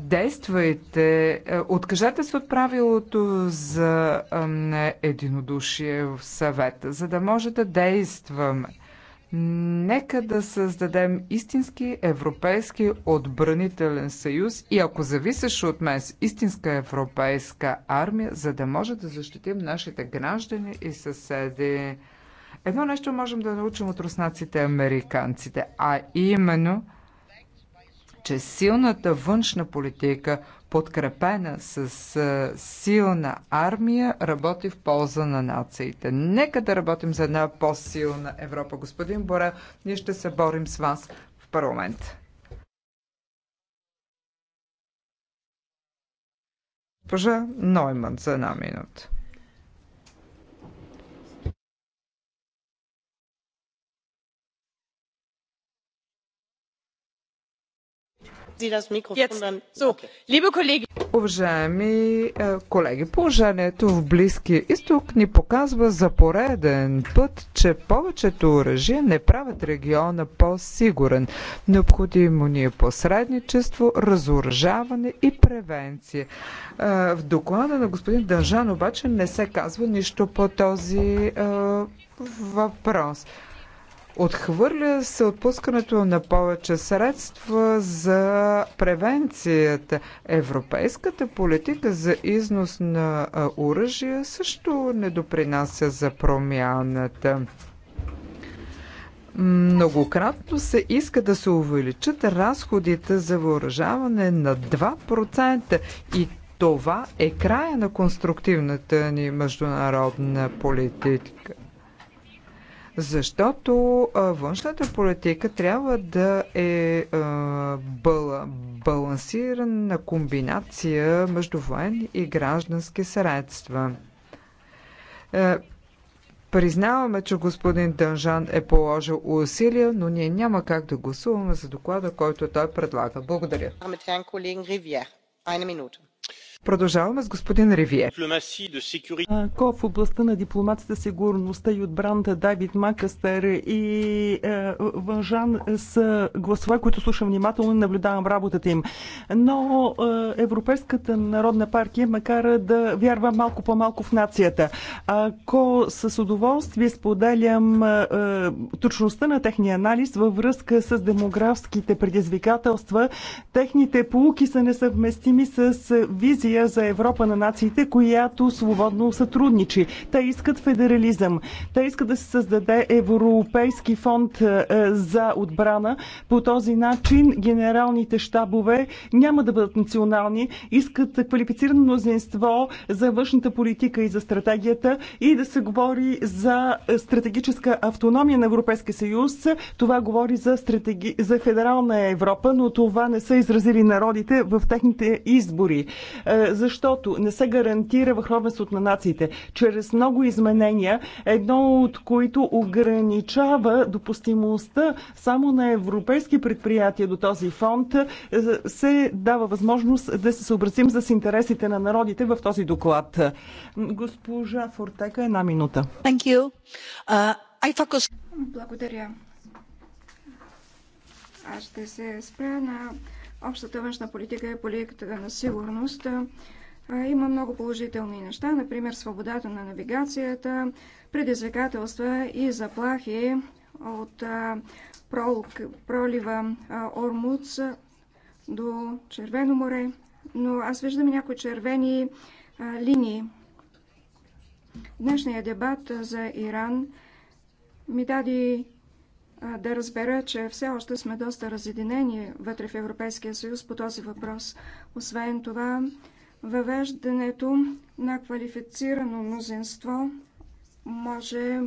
действайте, е, откажете се от правилото за единодушие в съвета, за да може да действаме. Нека да създадем истински европейски отбранителен съюз и ако зависеше от мен истинска европейска армия, за да може да защитим нашите граждани и съседи. Едно нещо можем да научим от руснаците и американците, а именно – че силната външна политика, подкрепена с силна армия, работи в полза на нациите. Нека да работим за една по-силна Европа. Господин Борел, ние ще се борим с вас в парламент. Пожа Нойман за една минута. Уважаеми е, колеги, положението в Близкия изток ни показва за пореден път, че повечето оръжия не правят региона по-сигурен. Необходимо ни е посредничество, разоръжаване и превенция. Е, в доклада на господин Дължан обаче не се казва нищо по този е, въпрос. Отхвърля се отпускането на повече средства за превенцията. Европейската политика за износ на оръжия също не допринася за промяната. Многократно се иска да се увеличат разходите за въоръжаване на 2% и това е края на конструктивната ни международна политика. Защото външната политика трябва да е балансирана комбинация между военни и граждански средства. Е, признаваме, че господин Дънжан е положил усилия, но ние няма как да гласуваме за доклада, който той предлага. Благодаря. Една минута. Продължаваме с господин Ревие. Ко е в областта на дипломацията, сигурността и отбраната Давид Макастер и е, Вънжан са гласове, които слушам внимателно и наблюдавам работата им. Но е, Европейската народна партия ме кара да вярва малко по-малко в нацията. Ако с удоволствие споделям точността на техния анализ във връзка с демографските предизвикателства, техните полуки са несъвместими с визия коалиция за Европа на нациите, която свободно сътрудничи. Те искат федерализъм. Те искат да се създаде Европейски фонд е, за отбрана. По този начин генералните щабове няма да бъдат национални. Искат квалифицирано мнозинство за външната политика и за стратегията и да се говори за стратегическа автономия на Европейския съюз. Това говори за, стратеги... за федерална Европа, но това не са изразили народите в техните избори. Е, е, защото не се гарантира върховенството на нациите чрез много изменения, едно от които ограничава допустимостта само на европейски предприятия до този фонд, е, се дава възможност да се съобразим с интересите на народите в този доклад. Госпожа Фортека, една минута. Thank you. Uh, I focus... Благодаря. Аз ще се спра на общата външна политика е политиката на сигурност има много положителни неща, например свободата на навигацията, предизвикателства и заплахи от пролива Ормуц до Червено море, но аз виждам някои червени линии. Днешният дебат за Иран ми даде да разбера, че все още сме доста разединени вътре в Европейския съюз по този въпрос. Освен това, въвеждането на квалифицирано мнозинство може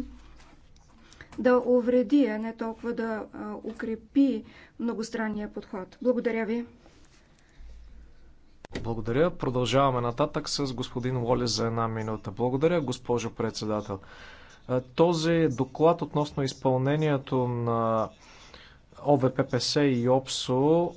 да увреди, а не толкова да укрепи многостранния подход. Благодаря ви. Благодаря. Продължаваме нататък с господин Лоли за една минута. Благодаря, госпожо председател. Този доклад относно изпълнението на ОВППС и ОПСО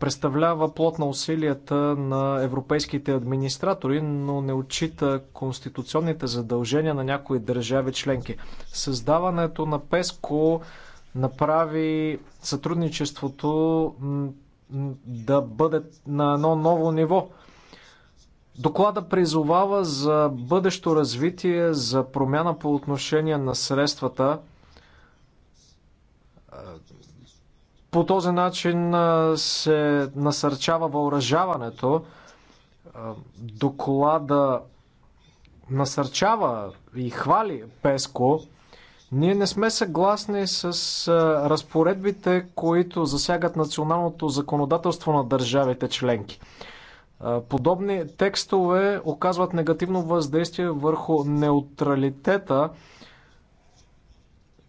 представлява плод на усилията на европейските администратори, но не отчита конституционните задължения на някои държави членки. Създаването на ПЕСКО направи сътрудничеството да бъде на едно ново ниво. Доклада призовава за бъдещо развитие, за промяна по отношение на средствата. Е, по този начин е, се насърчава въоръжаването. Е, доклада насърчава и хвали Песко. Ние не сме съгласни с разпоредбите, които засягат националното законодателство на държавите членки. Подобни текстове оказват негативно въздействие върху неутралитета.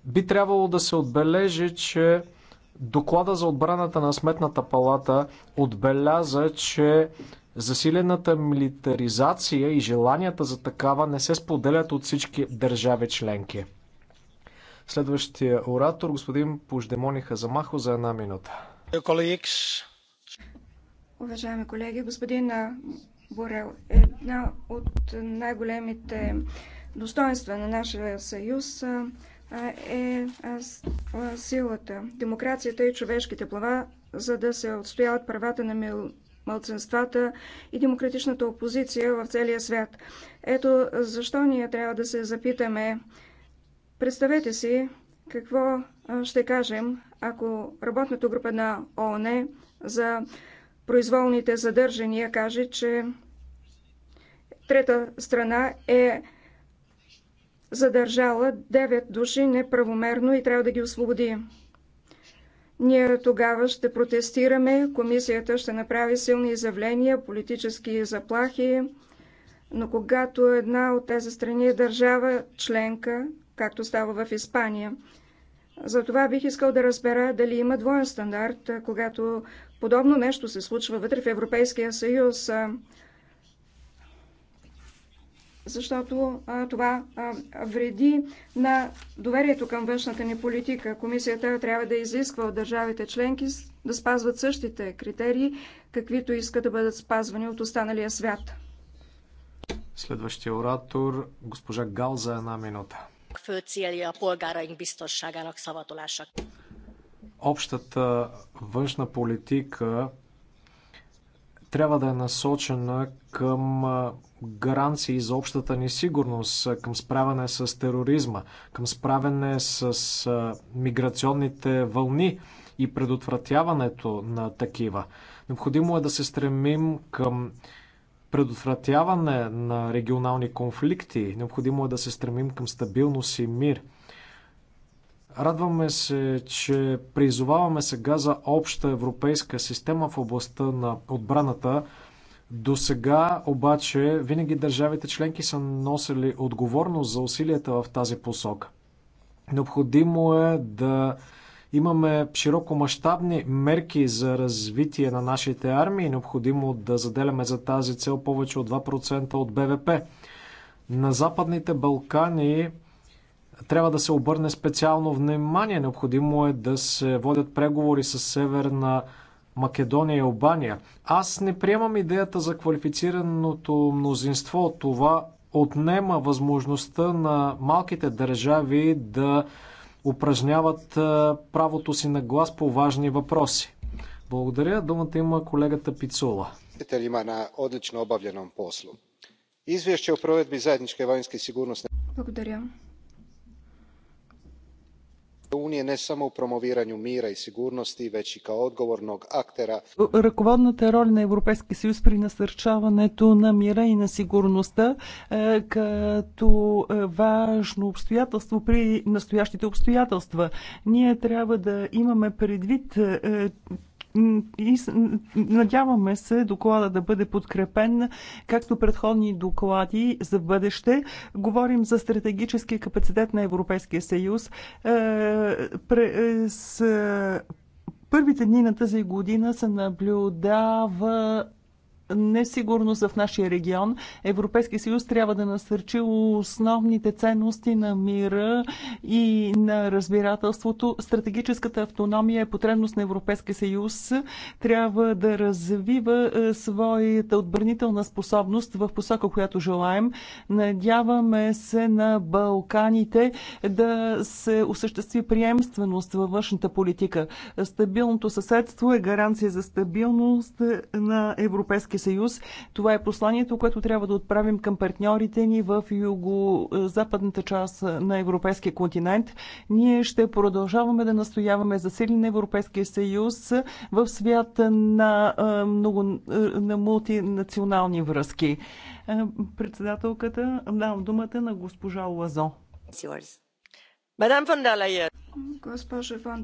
Би трябвало да се отбележи, че доклада за отбраната на Сметната палата отбеляза, че засилената милитаризация и желанията за такава не се споделят от всички държави членки. Следващия оратор, господин Пуждемони Хазамахо, за една минута. Колеги, Уважаеми колеги, господин Борел, една от най-големите достоинства на нашия съюз е силата, демокрацията и човешките права, за да се отстояват правата на мил мълценствата и демократичната опозиция в целия свят. Ето защо ние трябва да се запитаме. Представете си какво ще кажем, ако работната група на ООН за произволните задържания каже, че трета страна е задържала 9 души неправомерно и трябва да ги освободи. Ние тогава ще протестираме, комисията ще направи силни изявления, политически заплахи, но когато една от тези страни е държава членка, както става в Испания, затова бих искал да разбера дали има двоен стандарт, когато подобно нещо се случва вътре в Европейския съюз, защото това вреди на доверието към външната ни политика. Комисията трябва да изисква от държавите членки да спазват същите критерии, каквито искат да бъдат спазвани от останалия свят. Следващия оратор, госпожа Гал за една минута. Fő célja a polgáraink biztonságának szavatolása. Общата външна политика трябва да е насочена към гаранции за общата ни сигурност, към справяне с тероризма, към справяне с миграционните вълни и предотвратяването на такива. Необходимо е да се стремим към предотвратяване на регионални конфликти. Необходимо е да се стремим към стабилност и мир. Радваме се, че призоваваме сега за обща европейска система в областта на отбраната. До сега обаче винаги държавите членки са носили отговорност за усилията в тази посока. Необходимо е да Имаме широкомащабни мерки за развитие на нашите армии. Необходимо да заделяме за тази цел повече от 2% от БВП. На Западните Балкани трябва да се обърне специално внимание. Необходимо е да се водят преговори с Северна Македония и Албания. Аз не приемам идеята за квалифицираното мнозинство. Това отнема възможността на малките държави да упражняват правото си на глас по важни въпроси. Благодаря. Думата има колегата Пицула. Има на отлично обавljenom poslu. Izvješće o provedbi zajedničke vanjske сигурност. Благодаря unije ne samo u promoviranju mira i sigurnosti već и kao odgovornog aktera. Ръководната роля на Европейския съюз при насърчаването на мира и на сигурността е като е, важно обстоятелство при настоящите обстоятелства. Ние трябва да имаме предвид, е, и надяваме се доклада да бъде подкрепен, както предходни доклади за бъдеще. Говорим за стратегически капацитет на Европейския съюз. Е, През е, първите дни на тази година се наблюдава несигурност в нашия регион, Европейския съюз трябва да насърчи основните ценности на мира и на разбирателството. Стратегическата автономия е потребност на Европейския съюз. Трябва да развива е, своята отбранителна способност в посока, която желаем. Надяваме се на Балканите да се осъществи приемственост във външната политика. Стабилното съседство е гаранция за стабилност на Европейския съюз. Това е посланието, което трябва да отправим към партньорите ни в юго-западната част на европейския континент. Ние ще продължаваме да настояваме за сили на Европейския съюз в свят на, много, на мултинационални връзки. Председателката, давам думата на госпожа Лазо. Мадам Госпожа фон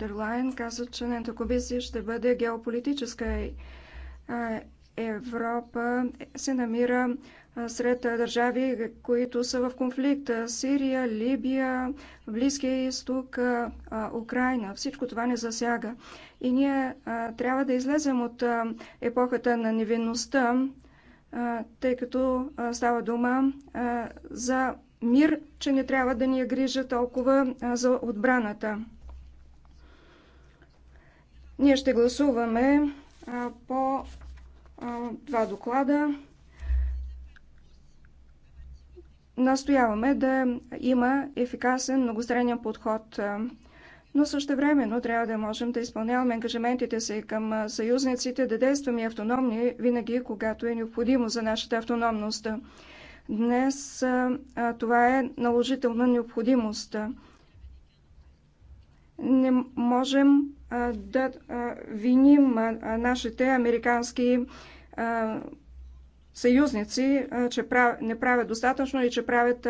каза, че нейната комисия ще бъде геополитическа Европа се намира сред държави, които са в конфликт. Сирия, Либия, Близкия изток, Украина. Всичко това не засяга. И ние трябва да излезем от епохата на невинността, тъй като става дума за мир, че не трябва да ни е грижа толкова за отбраната. Ние ще гласуваме по два доклада настояваме да има ефикасен многостранен подход, но също времено трябва да можем да изпълняваме ангажиментите си към съюзниците, да действаме автономни винаги, когато е необходимо за нашата автономност. Днес това е наложителна необходимост. Не можем да виним нашите американски съюзници, че не правят достатъчно и че правят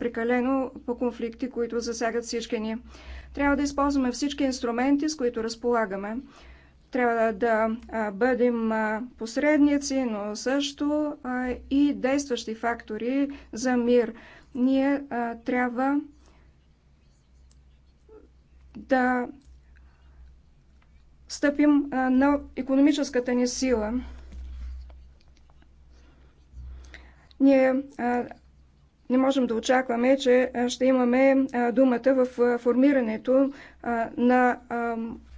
прекалено по конфликти, които засягат всички ни. Трябва да използваме всички инструменти, с които разполагаме. Трябва да бъдем посредници, но също и действащи фактори за мир. Ние трябва да стъпим на економическата ни сила. Ние не можем да очакваме, че ще имаме думата в формирането на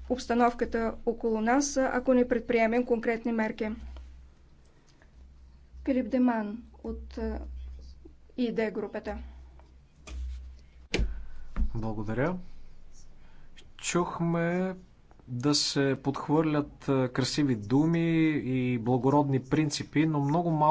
обстановката около нас, ако не предприемем конкретни мерки. Филип Деман от ИД групата. Благодаря. Чухме да се подхвърлят красиви думи и благородни принципи, но много малко